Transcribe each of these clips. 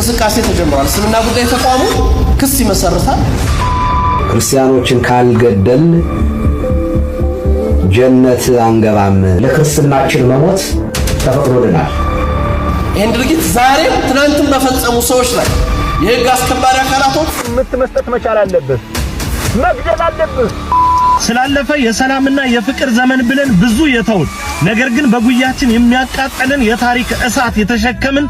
እንቅስቃሴ ተጀምሯል። እስልምና ጉዳይ ተቋሙ ክስ ይመሰርታል። ክርስቲያኖችን ካልገደል ጀነት አንገባም፣ ለክርስትናችን መሞት ተፈቅዶልናል። ይህን ድርጊት ዛሬም ትናንትም በፈጸሙ ሰዎች ላይ የህግ አስከባሪ አካላቶች ምት መስጠት መቻል አለብህ፣ መግደል አለብህ። ስላለፈ የሰላምና የፍቅር ዘመን ብለን ብዙ የተውን ነገር ግን በጉያችን የሚያቃጠልን የታሪክ እሳት የተሸከምን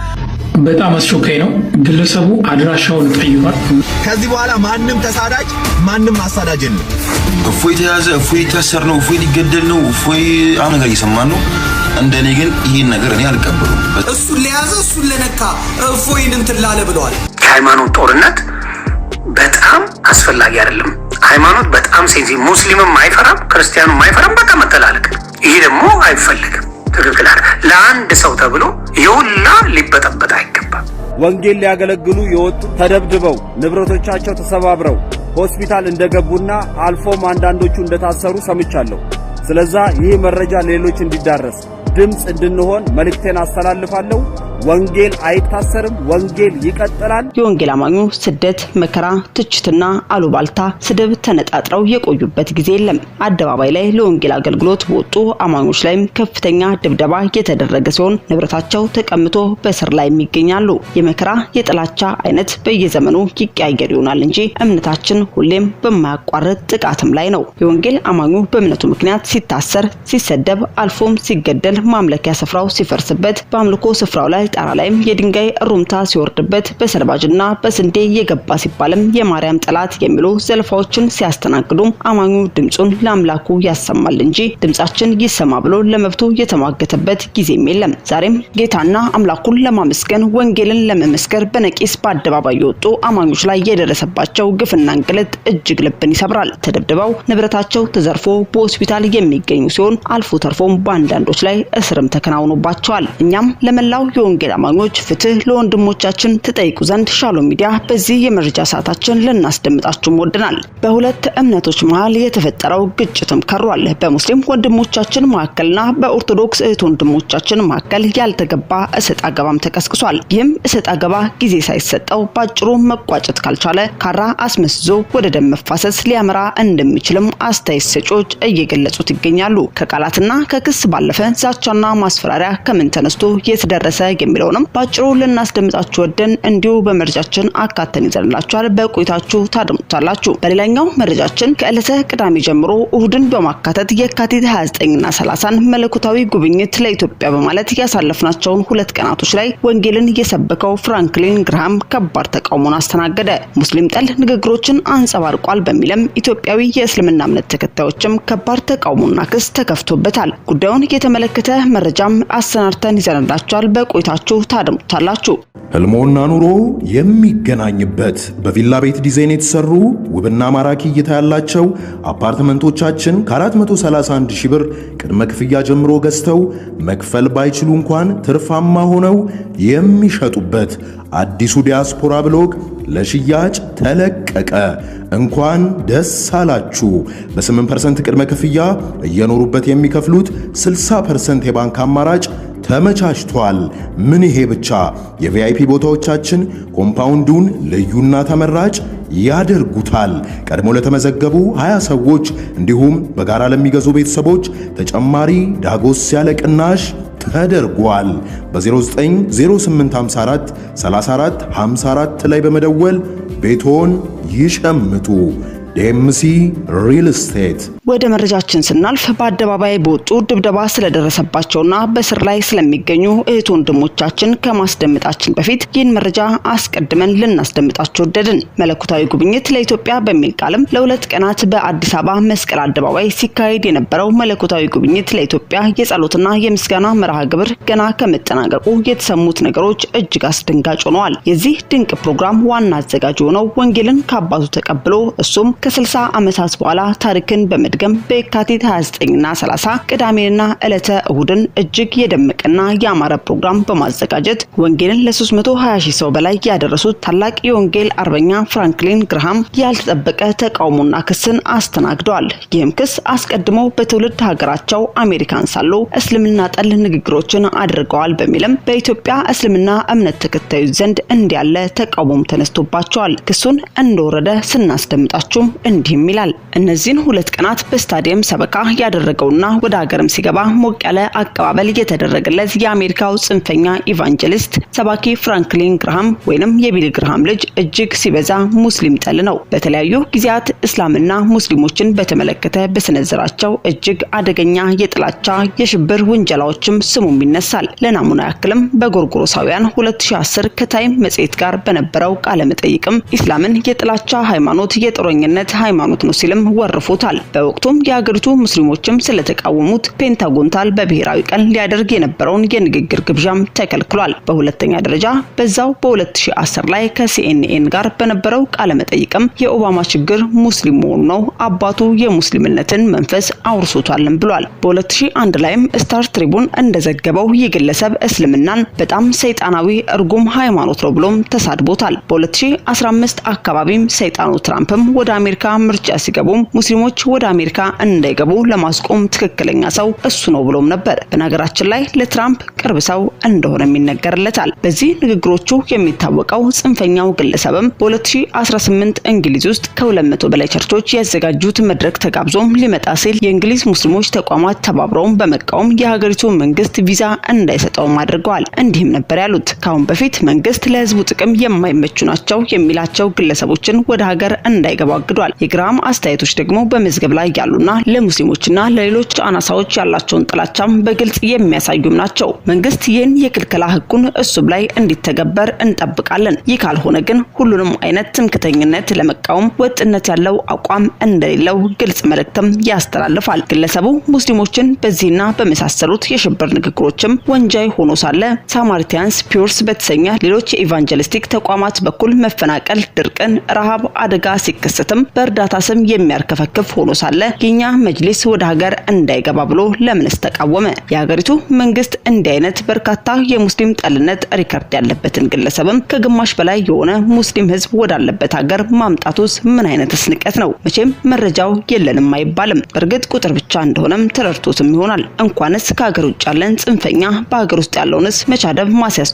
በጣም አስቸኳይ ነው። ግለሰቡ አድራሻውን ጠይቋል። ከዚህ በኋላ ማንም ተሳዳጅ ማንም አሳዳጅ ነው። እፎይ የተያዘ እፎይ የታሰር ነው እፎይ ሊገደል ነው እፎይ አሁን ነገር እየሰማን ነው። እንደኔ ግን ይህን ነገር እኔ አልቀበሉም። እሱን ለያዘ እሱን ለነካ እፎይን እንትን ላለ ብለዋል። የሃይማኖት ጦርነት በጣም አስፈላጊ አይደለም። ሃይማኖት በጣም ሴንሲ ሙስሊምም አይፈራም፣ ክርስቲያኑም አይፈራም። በቃ መተላለቅ ይሄ ደግሞ አይፈልግም። ትክክል ለአንድ ሰው ተብሎ የሁላ ሊበጠበጥ አይገባም። ወንጌል ሊያገለግሉ የወጡ ተደብድበው ንብረቶቻቸው ተሰባብረው ሆስፒታል እንደገቡና አልፎም አንዳንዶቹ እንደታሰሩ ሰምቻለሁ። ስለዛ ይህ መረጃ ሌሎች እንዲዳረስ ድምፅ እንድንሆን መልእክቴን አስተላልፋለሁ። ወንጌል አይታሰርም፣ ወንጌል ይቀጥላል። የወንጌል አማኙ ስደት፣ መከራ፣ ትችትና አሉባልታ፣ ስድብ ተነጣጥረው የቆዩበት ጊዜ የለም። አደባባይ ላይ ለወንጌል አገልግሎት በወጡ አማኞች ላይም ከፍተኛ ድብደባ የተደረገ ሲሆን ንብረታቸው ተቀምቶ በእስር ላይ ይገኛሉ። የመከራ የጥላቻ አይነት በየዘመኑ ይቀያየር ይሆናል እንጂ እምነታችን ሁሌም በማያቋርጥ ጥቃትም ላይ ነው። የወንጌል አማኙ በእምነቱ ምክንያት ሲታሰር፣ ሲሰደብ፣ አልፎም ሲገደል ማምለኪያ ስፍራው ሲፈርስበት በአምልኮ ስፍራው ላይ ጣራ ላይም የድንጋይ ሩምታ ሲወርድበት በሰልባጅና በስንዴ የገባ ሲባልም የማርያም ጠላት የሚሉ ዘልፋዎችን ሲያስተናግዱም አማኙ ድምፁን ለአምላኩ ያሰማል እንጂ ድምጻችን ይሰማ ብሎ ለመብቱ የተሟገተበት ጊዜም የለም። ዛሬም ጌታና አምላኩን ለማመስገን ወንጌልን ለመመስከር በነቂስ በአደባባይ የወጡ አማኞች ላይ የደረሰባቸው ግፍና እንግልት እጅግ ልብን ይሰብራል። ተደብድበው ንብረታቸው ተዘርፎ በሆስፒታል የሚገኙ ሲሆን አልፎ ተርፎም በአንዳንዶች ላይ እስርም ተከናውኖባቸዋል። እኛም ለመላው የወንጌል ወንጌላማኞች ፍትህ ለወንድሞቻችን ትጠይቁ ዘንድ ሻሎም ሚዲያ በዚህ የመረጃ ሰዓታችን ልናስደምጣችሁም ወድናል። በሁለት እምነቶች መሀል የተፈጠረው ግጭትም ከሯል። በሙስሊም ወንድሞቻችን መካከልና በኦርቶዶክስ እህት ወንድሞቻችን መካከል ያልተገባ እሰጥ አገባም ተቀስቅሷል። ይህም እሰጥ አገባ ጊዜ ሳይሰጠው በአጭሩ መቋጨት ካልቻለ ካራ አስመስዞ ወደ ደም መፋሰስ ሊያመራ እንደሚችልም አስተያየት ሰጪዎች እየገለጹት ይገኛሉ። ከቃላትና ከክስ ባለፈ ዛቻና ማስፈራሪያ ከምን ተነስቶ የተደረሰ የሚለውንም በአጭሩ ልናስደምጣችሁ ወደን እንዲሁ በመረጃችን አካተን ይዘንላችኋል። በቆይታችሁ ታድምጡታላችሁ። በሌላኛው መረጃችን ከዕለተ ቅዳሜ ጀምሮ እሁድን በማካተት የካቲት 29ና 30 መለኮታዊ ጉብኝት ለኢትዮጵያ በማለት ያሳለፍናቸውን ሁለት ቀናቶች ላይ ወንጌልን የሰበከው ፍራንክሊን ግርሃም ከባድ ተቃውሞን አስተናገደ። ሙስሊም ጠል ንግግሮችን አንጸባርቋል በሚልም ኢትዮጵያዊ የእስልምና እምነት ተከታዮችም ከባድ ተቃውሞና ክስ ተከፍቶበታል። ጉዳዩን የተመለከተ መረጃም አሰናድተን ይዘንላችኋል። በቆይታ ብላችሁ ታደምጡታላችሁ። ህልሞና ኑሮ የሚገናኝበት በቪላ ቤት ዲዛይን የተሰሩ ውብና ማራኪ እይታ ያላቸው አፓርትመንቶቻችን ከ431 ሺህ ብር ቅድመ ክፍያ ጀምሮ ገዝተው መክፈል ባይችሉ እንኳን ትርፋማ ሆነው የሚሸጡበት አዲሱ ዲያስፖራ ብሎግ ለሽያጭ ተለቀቀ። እንኳን ደስ አላችሁ። በ8% ቅድመ ክፍያ እየኖሩበት የሚከፍሉት 60% የባንክ አማራጭ ተመቻችቷል። ምን ይሄ ብቻ! የቪአይፒ ቦታዎቻችን ኮምፓውንዱን ልዩና ተመራጭ ያደርጉታል። ቀድሞ ለተመዘገቡ 20 ሰዎች እንዲሁም በጋራ ለሚገዙ ቤተሰቦች ተጨማሪ ዳጎስ ያለ ቅናሽ ተደርጓል። በ090854 34 54 ላይ በመደወል ቤቶን ይሸምቱ። ዴምሲ ሪል ስቴት። ወደ መረጃችን ስናልፍ በአደባባይ በወጡ ድብደባ ስለደረሰባቸውና በስር ላይ ስለሚገኙ እህት ወንድሞቻችን ከማስደምጣችን በፊት ይህን መረጃ አስቀድመን ልናስደምጣቸው ወደድን። መለኮታዊ ጉብኝት ለኢትዮጵያ በሚል ቃልም ለሁለት ቀናት በአዲስ አበባ መስቀል አደባባይ ሲካሄድ የነበረው መለኮታዊ ጉብኝት ለኢትዮጵያ የጸሎትና የምስጋና መርሃ ግብር ገና ከመጠናቀቁ የተሰሙት ነገሮች እጅግ አስደንጋጭ ሆነዋል። የዚህ ድንቅ ፕሮግራም ዋና አዘጋጅ ሆነው ወንጌልን ከአባቱ ተቀብሎ እሱም ከ60 ዓመታት በኋላ ታሪክን በመድገም በየካቲት 29ና 30 ቅዳሜንና ዕለተ እሁድን እጅግ የደመቀና የአማረ ፕሮግራም በማዘጋጀት ወንጌልን ለ320 ሺህ ሰው በላይ ያደረሱት ታላቅ የወንጌል አርበኛ ፍራንክሊን ግርሃም ያልተጠበቀ ተቃውሞና ክስን አስተናግደዋል። ይህም ክስ አስቀድሞ በትውልድ ሀገራቸው አሜሪካን ሳሉ እስልምና ጠል ንግግሮችን አድርገዋል በሚልም በኢትዮጵያ እስልምና እምነት ተከታዮች ዘንድ እንዲያለ ተቃውሞም ተነስቶባቸዋል። ክሱን እንደወረደ ስናስደምጣችሁም እንዲህም ይላል። እነዚህን ሁለት ቀናት በስታዲየም ሰበካ ያደረገውና ወደ ሀገርም ሲገባ ሞቅ ያለ አቀባበል የተደረገለት የአሜሪካው ጽንፈኛ ኢቫንጀሊስት ሰባኪ ፍራንክሊን ግርሃም ወይንም የቢል ግርሃም ልጅ እጅግ ሲበዛ ሙስሊም ጠል ነው። በተለያዩ ጊዜያት እስላምና ሙስሊሞችን በተመለከተ በሰነዘራቸው እጅግ አደገኛ የጥላቻ የሽብር ውንጀላዎችም ስሙም ይነሳል። ለናሙና ያክልም በጎርጎሮሳውያን 2010 ከታይም መጽሔት ጋር በነበረው ቃለ መጠይቅም ኢስላምን የጥላቻ ሃይማኖት፣ የጦረኝነት የበላይነት ሃይማኖት ነው ሲልም ወርፎታል። በወቅቱም የሀገሪቱ ሙስሊሞችም ስለተቃወሙት ፔንታጎንታል በብሔራዊ ቀን ሊያደርግ የነበረውን የንግግር ግብዣም ተከልክሏል። በሁለተኛ ደረጃ በዛው በ2010 ላይ ከሲኤንኤን ጋር በነበረው ቃለ መጠይቅም የኦባማ ችግር ሙስሊም መሆኑ ነው፣ አባቱ የሙስሊምነትን መንፈስ አውርሶቷልም ብሏል። በ2001 ላይም ስታር ትሪቡን እንደዘገበው ይህ ግለሰብ እስልምናን በጣም ሰይጣናዊ እርጉም ሃይማኖት ነው ብሎም ተሳድቦታል። በ2015 አካባቢም ሰይጣኑ ትራምፕም ወደ አሜሪካ ምርጫ ሲገቡም ሙስሊሞች ወደ አሜሪካ እንዳይገቡ ለማስቆም ትክክለኛ ሰው እሱ ነው ብሎም ነበር። በነገራችን ላይ ለትራምፕ ቅርብ ሰው እንደሆነም ይነገርለታል። በዚህ ንግግሮቹ የሚታወቀው ጽንፈኛው ግለሰብም በ2018 እንግሊዝ ውስጥ ከ200 በላይ ቸርቾች ያዘጋጁት መድረክ ተጋብዞም ሊመጣ ሲል የእንግሊዝ ሙስሊሞች ተቋማት ተባብረውም በመቃወም የሀገሪቱ መንግስት ቪዛ እንዳይሰጠውም አድርገዋል። እንዲህም ነበር ያሉት ከአሁን በፊት መንግስት ለህዝቡ ጥቅም የማይመቹ ናቸው የሚላቸው ግለሰቦችን ወደ ሀገር እንዳይገቡ አግዷል። ተወስዷል። የግራም አስተያየቶች ደግሞ በመዝገብ ላይ ያሉና ለሙስሊሞችና ለሌሎች አናሳዎች ያላቸውን ጥላቻም በግልጽ የሚያሳዩም ናቸው። መንግስት ይህን የክልከላ ህጉን እሱም ላይ እንዲተገበር እንጠብቃለን። ይህ ካልሆነ ግን ሁሉንም አይነት ትምክተኝነት ለመቃወም ወጥነት ያለው አቋም እንደሌለው ግልጽ መልእክትም ያስተላልፋል። ግለሰቡ ሙስሊሞችን በዚህና በመሳሰሉት የሽብር ንግግሮችም ወንጃይ ሆኖ ሳለ ሳማርቲያንስ ፒውርስ በተሰኘ ሌሎች የኢቫንጀሊስቲክ ተቋማት በኩል መፈናቀል፣ ድርቅን፣ ረሃብ አደጋ ሲከሰትም በእርዳታ ስም የሚያርከፈክፍ ሆኖ ሳለ የኛ መጅሊስ ወደ ሀገር እንዳይገባ ብሎ ለምንስ ተቃወመ? የሀገሪቱ መንግስት እንዲህ አይነት በርካታ የሙስሊም ጠልነት ሪከርድ ያለበትን ግለሰብም ከግማሽ በላይ የሆነ ሙስሊም ህዝብ ወዳለበት ሀገር ማምጣቱስ ምን አይነት ስንቀት ነው? መቼም መረጃው የለንም አይባልም። በእርግጥ ቁጥር ብቻ እንደሆነም ተረድቶትም ይሆናል። እንኳንስ ከሀገር ውጭ ያለን ጽንፈኛ በሀገር ውስጥ ያለውንስ መቻደብ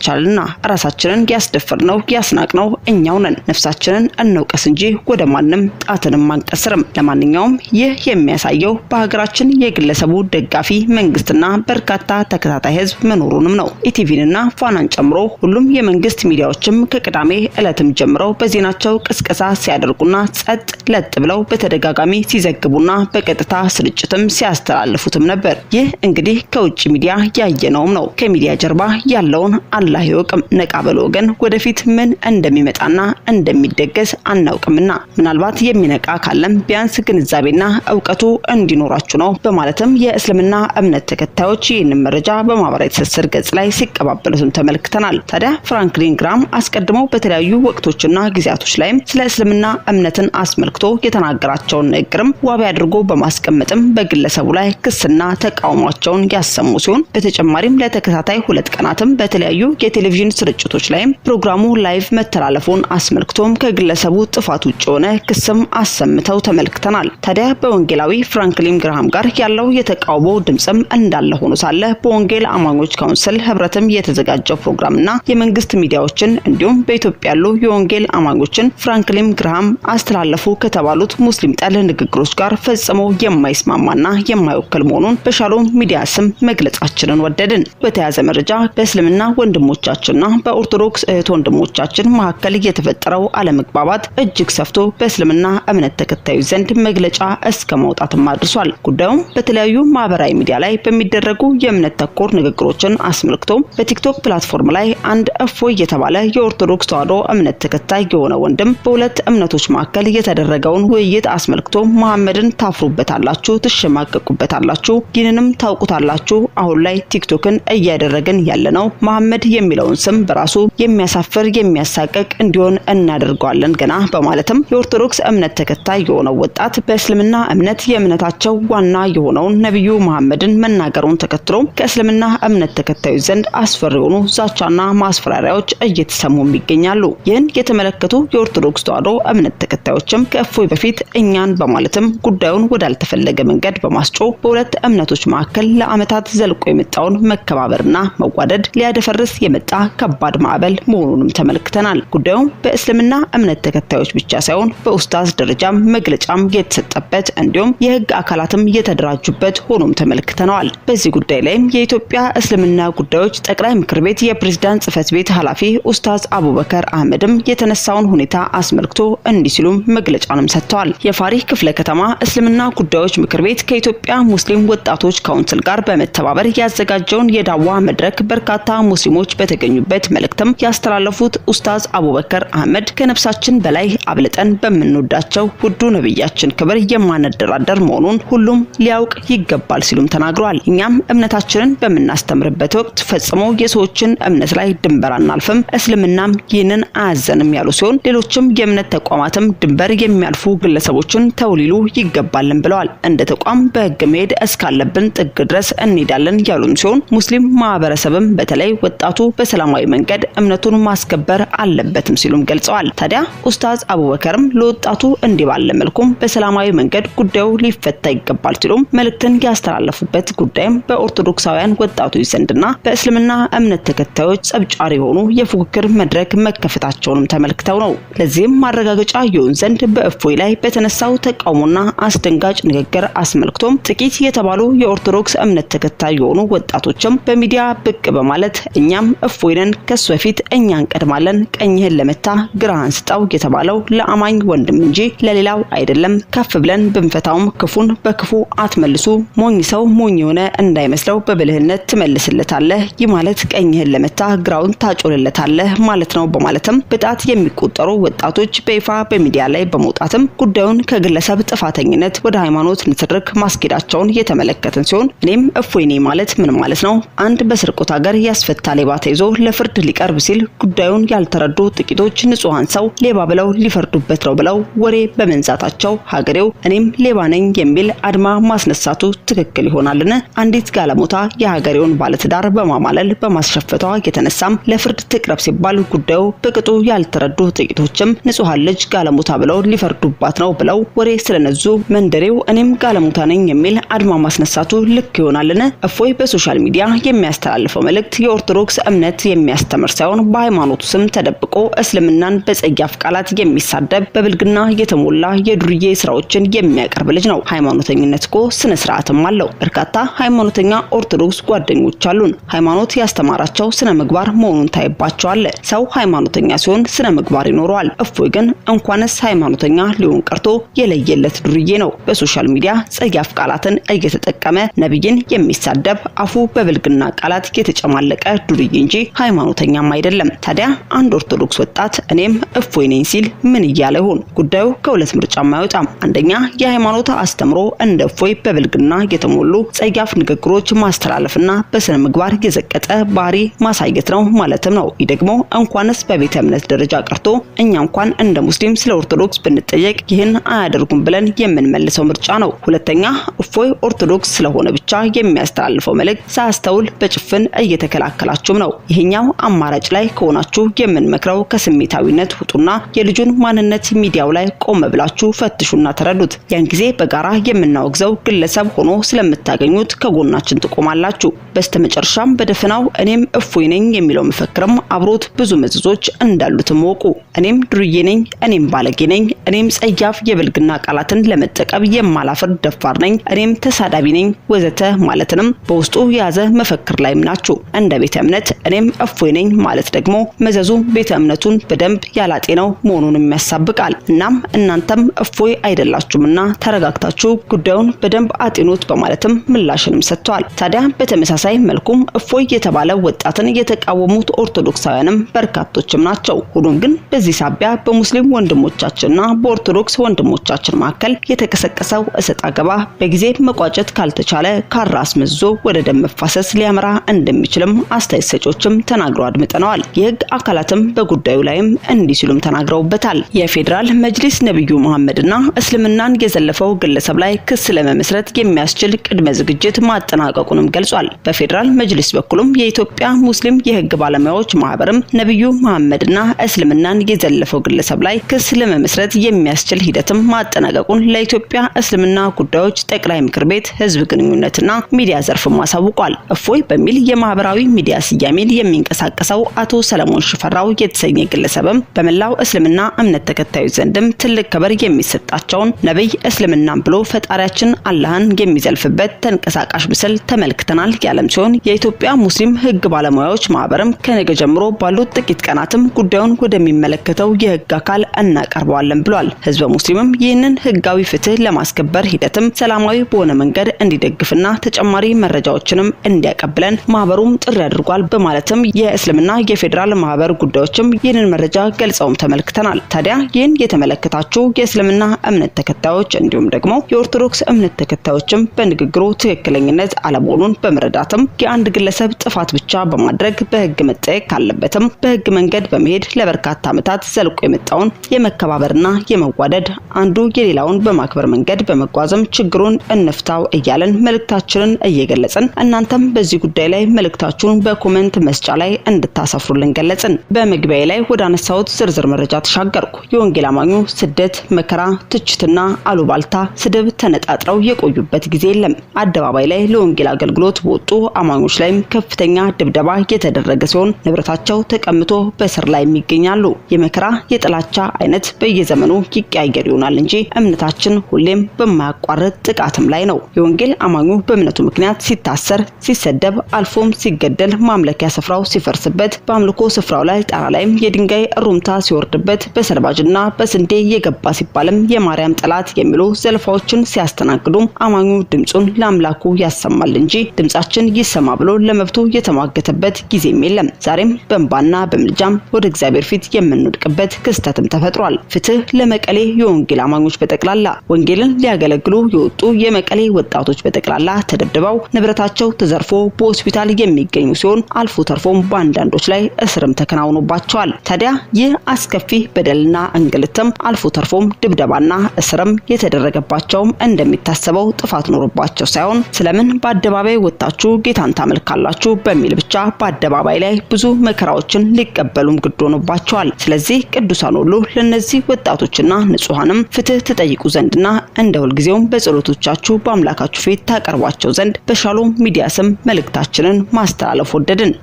ቻልና ራሳችንን ያስደፈርነው ያስናቅነው እኛው ነን። ነፍሳችንን እንውቀስ እንጂ ወደ ማንም ጣትንም አንቀስርም። ለማንኛውም ይህ የሚያሳየው በሀገራችን የግለሰቡ ደጋፊ መንግስትና በርካታ ተከታታይ ህዝብ መኖሩንም ነው። ኢቲቪንና ፋናን ጨምሮ ሁሉም የመንግስት ሚዲያዎችም ከቅዳሜ ዕለትም ጀምረው በዜናቸው ቅስቀሳ ሲያደርጉና ጸጥ ለጥ ብለው በተደጋጋሚ ሲዘግቡና በቀጥታ ስርጭትም ሲያስተላልፉትም ነበር። ይህ እንግዲህ ከውጭ ሚዲያ ያየነውም ነው። ከሚዲያ ጀርባ ያለውን አላህ ይወቅም። ነቃ በል ወገን፣ ወደፊት ምን እንደሚመጣና እንደሚደገስ አናውቅምና ምናልባት የሚነቃ ካለም ቢያንስ ግንዛቤና እውቀቱ እንዲኖራችሁ ነው በማለትም የእስልምና እምነት ተከታዮች ይህንን መረጃ በማህበራዊ ትስስር ገጽ ላይ ሲቀባበሉትም ተመልክተናል። ታዲያ ፍራንክሊን ግራም አስቀድመው በተለያዩ ወቅቶችና ጊዜያቶች ላይም ስለ እስልምና እምነትን አስመልክቶ የተናገራቸውን ንግግርም ዋቢ አድርጎ በማስቀመጥም በግለሰቡ ላይ ክስና ተቃውሟቸውን ያሰሙ ሲሆን በተጨማሪም ለተከታታይ ሁለት ቀናትም በተለያዩ የቴሌቪዥን ስርጭቶች ላይም ፕሮግራሙ ላይቭ መተላለፉን አስመልክቶም ከግለሰቡ ጥፋት ውጭ የሆነ ክስም ድምፅም አሰምተው ተመልክተናል። ታዲያ በወንጌላዊ ፍራንክሊን ግርሃም ጋር ያለው የተቃውሞ ድምፅም እንዳለ ሆኖ ሳለ በወንጌል አማኞች ካውንስል ህብረትም የተዘጋጀው ፕሮግራምና የመንግስት ሚዲያዎችን እንዲሁም በኢትዮጵያ ያሉ የወንጌል አማኞችን ፍራንክሊን ግርሃም አስተላለፉ ከተባሉት ሙስሊም ጠል ንግግሮች ጋር ፈጽሞ የማይስማማና የማይወክል መሆኑን በሻሎም ሚዲያ ስም መግለጻችንን ወደድን። በተያያዘ መረጃ በእስልምና ወንድሞቻችንና በኦርቶዶክስ እህት ወንድሞቻችን መካከል የተፈጠረው አለመግባባት እጅግ ሰፍቶ በእስልምና በእስልምና እምነት ተከታዮች ዘንድ መግለጫ እስከ ማውጣትም አድርሷል። ጉዳዩም በተለያዩ ማህበራዊ ሚዲያ ላይ በሚደረጉ የእምነት ተኮር ንግግሮችን አስመልክቶ በቲክቶክ ፕላትፎርም ላይ አንድ እፎይ የተባለ የኦርቶዶክስ ተዋሕዶ እምነት ተከታይ የሆነ ወንድም በሁለት እምነቶች መካከል የተደረገውን ውይይት አስመልክቶ መሐመድን ታፍሩበታላችሁ፣ ትሸማቀቁበታላችሁ፣ ይህንንም ታውቁታላችሁ። አሁን ላይ ቲክቶክን እያደረግን ያለነው መሐመድ የሚለውን ስም በራሱ የሚያሳፍር የሚያሳቀቅ እንዲሆን እናደርገዋለን ገና በማለትም የኦርቶዶክስ እምነት ተከታይ የሆነው ወጣት በእስልምና እምነት የእምነታቸው ዋና የሆነውን ነቢዩ መሐመድን መናገሩን ተከትሎ ከእስልምና እምነት ተከታዮች ዘንድ አስፈሪ የሆኑ ዛቻና ማስፈራሪያዎች እየተሰሙም ይገኛሉ። ይህን የተመለከቱ የኦርቶዶክስ ተዋሕዶ እምነት ተከታዮችም ከእፎይ በፊት እኛን በማለትም ጉዳዩን ወዳልተፈለገ መንገድ በማስጮ በሁለት እምነቶች መካከል ለዓመታት ዘልቆ የመጣውን መከባበርና መዋደድ ሊያደፈርስ የመጣ ከባድ ማዕበል መሆኑንም ተመልክተናል። ጉዳዩም በእስልምና እምነት ተከታዮች ብቻ ሳይሆን በኡስታዝ በአገዛዝ ደረጃም መግለጫም የተሰጠበት እንዲሁም የህግ አካላትም የተደራጁበት ሆኖም ተመልክተነዋል። በዚህ ጉዳይ ላይም የኢትዮጵያ እስልምና ጉዳዮች ጠቅላይ ምክር ቤት የፕሬዝዳንት ጽህፈት ቤት ኃላፊ ኡስታዝ አቡበከር አህመድም የተነሳውን ሁኔታ አስመልክቶ እንዲህ ሲሉም መግለጫንም ሰጥተዋል። የፋሪህ ክፍለ ከተማ እስልምና ጉዳዮች ምክር ቤት ከኢትዮጵያ ሙስሊም ወጣቶች ካውንስል ጋር በመተባበር ያዘጋጀውን የዳዋ መድረክ በርካታ ሙስሊሞች በተገኙበት መልእክትም ያስተላለፉት ኡስታዝ አቡበከር አህመድ ከነፍሳችን በላይ አብልጠን በምንወዳ የሚወዳቸው ውዱ ነቢያችን ክብር የማንደራደር መሆኑን ሁሉም ሊያውቅ ይገባል ሲሉም ተናግረዋል። እኛም እምነታችንን በምናስተምርበት ወቅት ፈጽሞ የሰዎችን እምነት ላይ ድንበር አናልፍም፣ እስልምናም ይህንን አያዘንም ያሉ ሲሆን ሌሎችም የእምነት ተቋማትም ድንበር የሚያልፉ ግለሰቦችን ተውሊሉ ይገባልን ብለዋል። እንደ ተቋም በህግ መሄድ እስካለብን ጥግ ድረስ እንሄዳለን ያሉም ሲሆን ሙስሊም ማህበረሰብም በተለይ ወጣቱ በሰላማዊ መንገድ እምነቱን ማስከበር አለበትም ሲሉም ገልጸዋል። ታዲያ ኡስታዝ አቡበከርም ለወጣቱ እንዲህ ባለ መልኩም በሰላማዊ መንገድ ጉዳዩ ሊፈታ ይገባል ሲሉም መልእክትን ያስተላለፉበት ጉዳይም በኦርቶዶክሳውያን ወጣቶች ዘንድና በእስልምና እምነት ተከታዮች ጸብጫሪ የሆኑ የፉክክር መድረክ መከፈታቸውንም ተመልክተው ነው። ለዚህም ማረጋገጫ ይሆን ዘንድ በእፎይ ላይ በተነሳው ተቃውሞና አስደንጋጭ ንግግር አስመልክቶም ጥቂት የተባሉ የኦርቶዶክስ እምነት ተከታይ የሆኑ ወጣቶችም በሚዲያ ብቅ በማለት እኛም እፎይንን ከሱ በፊት እኛ እንቀድማለን፣ ቀኝህን ለመታ ግራህን ስጠው የተባለው ለአማኝ ወንድም እንጂ እንጂ ለሌላው አይደለም። ከፍ ብለን ብንፈታውም ክፉን በክፉ አትመልሱ፣ ሞኝ ሰው ሞኝ የሆነ እንዳይመስለው በብልህነት ትመልስለታለህ። ይህ ማለት ቀኝህን ለመታ ግራውን ታጮልለታለህ ማለት ነው በማለትም በጣት የሚቆጠሩ ወጣቶች በይፋ በሚዲያ ላይ በመውጣትም ጉዳዩን ከግለሰብ ጥፋተኝነት ወደ ሃይማኖት ንትርክ ማስኬዳቸውን የተመለከትን ሲሆን እኔም እፎይኔ ማለት ምን ማለት ነው? አንድ በስርቆት ሀገር ያስፈታ ሌባ ተይዞ ለፍርድ ሊቀርብ ሲል ጉዳዩን ያልተረዱ ጥቂቶች ንጹሐን ሰው ሌባ ብለው ሊፈርዱበት ነው ብለው ወሬ በመንዛታቸው ሀገሬው እኔም ሌባ ነኝ የሚል አድማ ማስነሳቱ ትክክል ይሆናልን? አንዲት ጋለሞታ የሀገሬውን ባለትዳር በማማለል በማስሸፈቷ የተነሳም ለፍርድ ትቅረብ ሲባል ጉዳዩ በቅጡ ያልተረዱ ጥቂቶችም ንጹሐን ልጅ ጋለሞታ ብለው ሊፈርዱባት ነው ብለው ወሬ ስለነዙ መንደሬው እኔም ጋለሞታ ነኝ የሚል አድማ ማስነሳቱ ልክ ይሆናልን? እፎይ በሶሻል ሚዲያ የሚያስተላልፈው መልእክት የኦርቶዶክስ እምነት የሚያስተምር ሳይሆን በሃይማኖቱ ስም ተደብቆ እስልምናን በጸያፍ ቃላት የሚሳደብ በብልግና የተሞላ የዱርዬ ስራዎችን የሚያቀርብ ልጅ ነው። ሃይማኖተኝነት እኮ ስነ ስርዓትም አለው። በርካታ ሃይማኖተኛ ኦርቶዶክስ ጓደኞች አሉን። ሃይማኖት ያስተማራቸው ስነ ምግባር መሆኑን ታይባቸዋል። ሰው ሃይማኖተኛ ሲሆን ስነ ምግባር ይኖረዋል። እፎይ ግን እንኳንስ ሃይማኖተኛ ሊሆን ቀርቶ የለየለት ዱርዬ ነው። በሶሻል ሚዲያ ጸያፍ ቃላትን እየተጠቀመ ነቢይን የሚሳደብ አፉ በብልግና ቃላት የተጨማለቀ ዱርዬ እንጂ ሃይማኖተኛም አይደለም። ታዲያ አንድ ኦርቶዶክስ ወጣት እኔም እፎይ ነኝ ሲል ምን እያለ ይሆን ጉዳይ ጉዳዩ ከሁለት ምርጫም አይወጣም። አንደኛ የሃይማኖት አስተምሮ እንደ እፎይ በብልግና የተሞሉ ጸያፍ ንግግሮች ማስተላለፍና በስነ ምግባር የዘቀጠ ባህሪ ማሳየት ነው ማለትም ነው። ይህ ደግሞ እንኳንስ በቤተ እምነት ደረጃ ቀርቶ እኛ እንኳን እንደ ሙስሊም ስለ ኦርቶዶክስ ብንጠየቅ ይህን አያደርጉም ብለን የምንመልሰው ምርጫ ነው። ሁለተኛ እፎይ ኦርቶዶክስ ስለሆነ ብቻ የሚያስተላልፈው መልእክት ሳያስተውል በጭፍን እየተከላከላችሁም ነው። ይህኛው አማራጭ ላይ ከሆናችሁ የምንመክረው ከስሜታዊነት ውጡና የልጁን ማንነት ሚዲያው ላይ ላይ ቆም ብላችሁ ፈትሹና ተረዱት። ያን ጊዜ በጋራ የምናወግዘው ግለሰብ ሆኖ ስለምታገኙት ከጎናችን ትቆማላችሁ። በስተመጨረሻም በደፈናው እኔም እፎይ ነኝ የሚለው መፈክርም አብሮት ብዙ መዘዞች እንዳሉትም ወቁ። እኔም ዱርዬ ነኝ፣ እኔም ባለጌ ነኝ፣ እኔም ጸያፍ የብልግና ቃላትን ለመጠቀም የማላፍር ደፋር ነኝ፣ እኔም ተሳዳቢ ነኝ ወዘተ ማለትንም በውስጡ የያዘ መፈክር ላይም ናችሁ። እንደ ቤተ እምነት እኔም እፎይ ነኝ ማለት ደግሞ መዘዙ ቤተ እምነቱን በደንብ ያላጤነው መሆኑንም ያሳብቃል። እናም እናንተም እፎይ አይደላችሁምና ተረጋግታችሁ ጉዳዩን በደንብ አጢኑት በማለትም ምላሽንም ሰጥተዋል። ታዲያ በተመሳሳይ መልኩም እፎይ የተባለ ወጣትን የተቃወሙት ኦርቶዶክሳውያንም በርካቶችም ናቸው። ሆኖም ግን በዚህ ሳቢያ በሙስሊም ወንድሞቻችንና በኦርቶዶክስ ወንድሞቻችን መካከል የተቀሰቀሰው እሰጥ አገባ በጊዜ መቋጨት ካልተቻለ ካራ መዞ ወደ ደም መፋሰስ ሊያመራ እንደሚችልም አስተያየት ሰጮችም ተናግረው አድምጠነዋል። የህግ አካላትም በጉዳዩ ላይም እንዲህ ሲሉም ተናግረውበታል። የፌዴራል መጅሊስ ሐዲስ ነቢዩ መሐመድና እስልምናን የዘለፈው ግለሰብ ላይ ክስ ለመመስረት የሚያስችል ቅድመ ዝግጅት ማጠናቀቁንም ገልጿል። በፌዴራል መጅሊስ በኩልም የኢትዮጵያ ሙስሊም የህግ ባለሙያዎች ማህበርም ነቢዩ መሐመድና እስልምናን የዘለፈው ግለሰብ ላይ ክስ ለመመስረት የሚያስችል ሂደትም ማጠናቀቁን ለኢትዮጵያ እስልምና ጉዳዮች ጠቅላይ ምክር ቤት ህዝብ ግንኙነትና ሚዲያ ዘርፍም አሳውቋል። እፎይ በሚል የማህበራዊ ሚዲያ ስያሜን የሚንቀሳቀሰው አቶ ሰለሞን ሽፈራው የተሰኘ ግለሰብም በመላው እስልምና እምነት ተከታዮች ዘንድም ትልቅ ክብር የሚሰጣቸውን ነብይ እስልምናን ብሎ ፈጣሪያችን አላህን የሚዘልፍበት ተንቀሳቃሽ ምስል ተመልክተናል ያለም ሲሆን የኢትዮጵያ ሙስሊም ህግ ባለሙያዎች ማህበርም ከነገ ጀምሮ ባሉት ጥቂት ቀናትም ጉዳዩን ወደሚመለከተው የህግ አካል እናቀርበዋለን ብሏል። ህዝበ ሙስሊምም ይህንን ህጋዊ ፍትህ ለማስከበር ሂደትም ሰላማዊ በሆነ መንገድ እንዲደግፍና ተጨማሪ መረጃዎችንም እንዲያቀብለን ማህበሩም ጥሪ አድርጓል በማለትም የእስልምና የፌዴራል ማህበር ጉዳዮችም ይህንን መረጃ ገልጸውም ተመልክተናል። ታዲያ ይህን የተመለከተ ያመለከታቸው የእስልምና እምነት ተከታዮች እንዲሁም ደግሞ የኦርቶዶክስ እምነት ተከታዮችም በንግግሩ ትክክለኝነት አለመሆኑን በመረዳትም የአንድ ግለሰብ ጥፋት ብቻ በማድረግ በህግ መጠየቅ ካለበትም በህግ መንገድ በመሄድ ለበርካታ ዓመታት ዘልቆ የመጣውን የመከባበርና የመዋደድ አንዱ የሌላውን በማክበር መንገድ በመጓዝም ችግሩን እንፍታው እያለን መልእክታችንን እየገለጽን እናንተም በዚህ ጉዳይ ላይ መልእክታችሁን በኮመንት መስጫ ላይ እንድታሰፍሩልን ገለጽን። በመግቢያ ላይ ወደ አነሳሁት ዝርዝር መረጃ ተሻገርኩ። የወንጌል አማኙ ስደት፣ መከራ፣ ትችትና አሉባልታ፣ ስድብ ተነጣጥረው የቆዩበት ጊዜ የለም። አደባባይ ላይ ለወንጌል አገልግሎት በወጡ አማኞች ላይም ከፍተኛ ድብደባ የተደረገ ሲሆን ንብረታቸው ተቀምቶ በስር ላይ ይገኛሉ። የመከራ የጥላቻ አይነት በየዘመኑ ይቀያየር ይሆናል እንጂ እምነታችን ሁሌም በማያቋርጥ ጥቃትም ላይ ነው። የወንጌል አማኙ በእምነቱ ምክንያት ሲታሰር፣ ሲሰደብ፣ አልፎም ሲገደል፣ ማምለኪያ ስፍራው ሲፈርስበት፣ በአምልኮ ስፍራው ላይ ጣራ ላይም የድንጋይ ሩምታ ሲወርድበት፣ በሰልባጅና በስንዴ የገባ ሲባልም የማርያም ጠላት የሚሉ ዘልፋዎችን ሲያስተናግዱም አማኙ ድምፁን ለአምላኩ ያሰማል እንጂ ድምጻችን ይሰማ ብሎ ለመብቱ የተሟገተበት ጊዜም የለም። ዛሬም በእንባና በምልጃም ወደ እግዚአብሔር ፊት የምንወድቅበት ክስተትም ተፈጥሯል። ፍትህ ለመቀሌ የወንጌል አማኞች በጠቅላላ ወንጌልን ሊያገለግሉ የወጡ የመቀሌ ወጣቶች በጠቅላላ ተደብድበው ንብረታቸው ተዘርፎ በሆስፒታል የሚገኙ ሲሆን አልፎ ተርፎም በአንዳንዶች ላይ እስርም ተከናውኖባቸዋል። ታዲያ ይህ አስከፊ በደልና እንግልትም አልፎ ተርፎም ድብደባና እስርም የተደረገባቸውም እንደሚታሰበው ጥፋት ኖሮባቸው ሳይሆን ስለምን በአደባባይ ወጣችሁ ጌታን ታመልካላችሁ በሚል ብቻ በአደባባይ ላይ ብዙ መከራዎችን ሊቀበሉም ግድ ሆኖባቸዋል። ስለዚህ ቅዱሳን ሁሉ ለነዚህ ወጣቶችና ንጹሐንም ፍትህ ትጠይቁ ዘንድና እንደ ሁልጊዜውም በጸሎቶቻችሁ በአምላካችሁ ፊት ታቀርቧቸው ዘንድ በሻሎም ሚዲያ ስም መልእክታችንን ማስተላለፍ ወደድን።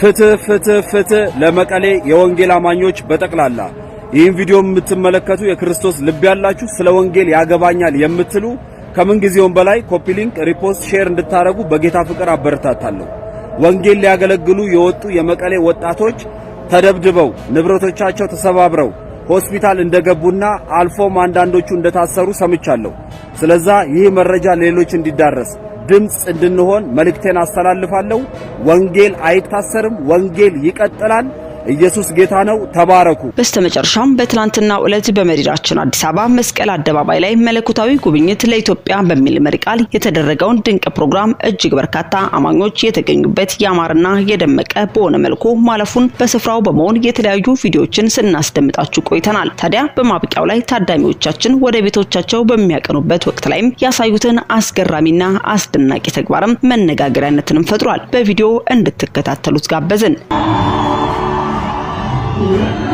ፍትህ ፍትህ ፍትህ ለመቀሌ የወንጌል አማኞች በጠቅላላ ይህን ቪዲዮ የምትመለከቱ የክርስቶስ ልብ ያላችሁ ስለ ወንጌል ያገባኛል የምትሉ ከምን ጊዜውም በላይ ኮፒ ሊንክ፣ ሪፖስት፣ ሼር እንድታረጉ በጌታ ፍቅር አበረታታለሁ። ወንጌል ሊያገለግሉ የወጡ የመቀሌ ወጣቶች ተደብድበው ንብረቶቻቸው ተሰባብረው ሆስፒታል እንደገቡና አልፎም አንዳንዶቹ እንደታሰሩ ሰምቻለሁ። ስለዛ ይህ መረጃ ሌሎች እንዲዳረስ ድምፅ እንድንሆን መልእክቴን አስተላልፋለሁ። ወንጌል አይታሰርም። ወንጌል ይቀጥላል። ኢየሱስ ጌታ ነው። ተባረኩ። በስተመጨረሻም በትላንትና ዕለት በመዲናችን አዲስ አበባ መስቀል አደባባይ ላይ መለኮታዊ ጉብኝት ለኢትዮጵያ በሚል መሪ ቃል የተደረገውን ድንቅ ፕሮግራም እጅግ በርካታ አማኞች የተገኙበት ያማረና የደመቀ በሆነ መልኩ ማለፉን በስፍራው በመሆን የተለያዩ ቪዲዮዎችን ስናስደምጣችሁ ቆይተናል። ታዲያ በማብቂያው ላይ ታዳሚዎቻችን ወደ ቤቶቻቸው በሚያቀኑበት ወቅት ላይም ያሳዩትን አስገራሚና አስደናቂ ተግባርም መነጋገሪያነትንም ፈጥሯል። በቪዲዮ እንድትከታተሉት ጋበዝን። Thank you.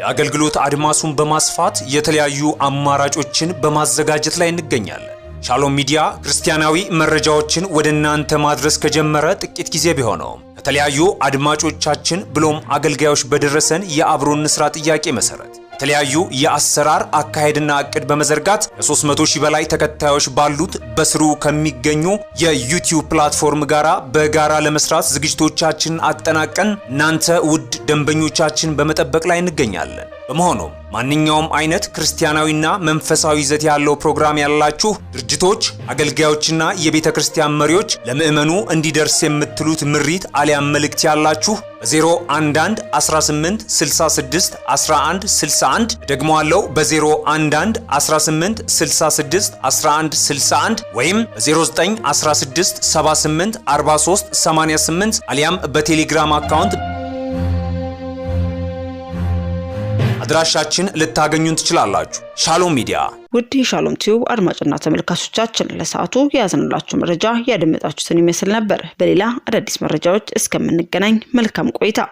የአገልግሎት አድማሱን በማስፋት የተለያዩ አማራጮችን በማዘጋጀት ላይ እንገኛለን። ሻሎም ሚዲያ ክርስቲያናዊ መረጃዎችን ወደ እናንተ ማድረስ ከጀመረ ጥቂት ጊዜ ቢሆነውም ከተለያዩ አድማጮቻችን ብሎም አገልጋዮች በደረሰን የአብሮን ስራ ጥያቄ መሰረት የተለያዩ የአሰራር አካሄድና እቅድ በመዘርጋት ከ300 ሺህ በላይ ተከታዮች ባሉት በስሩ ከሚገኙ የዩቲዩብ ፕላትፎርም ጋራ በጋራ ለመስራት ዝግጅቶቻችን አጠናቀን እናንተ ውድ ደንበኞቻችን በመጠበቅ ላይ እንገኛለን። በመሆኑም ማንኛውም አይነት ክርስቲያናዊና መንፈሳዊ ይዘት ያለው ፕሮግራም ያላችሁ ድርጅቶች፣ አገልጋዮችና የቤተ ክርስቲያን መሪዎች ለምእመኑ እንዲደርስ የምትሉት ምሪት አሊያም መልእክት ያላችሁ በ011 18 66 11 61 ደግሞዋለው በ011 18 66 11 61 ወይም በ0916 78 43 88 አሊያም በቴሌግራም አካውንት አድራሻችን ልታገኙን ትችላላችሁ። ሻሎም ሚዲያ። ውድ የሻሎም ቲዩብ አድማጭና ተመልካቾቻችን ለሰዓቱ የያዝንላችሁ መረጃ ያደመጣችሁትን ይመስል ነበር። በሌላ አዳዲስ መረጃዎች እስከምንገናኝ መልካም ቆይታ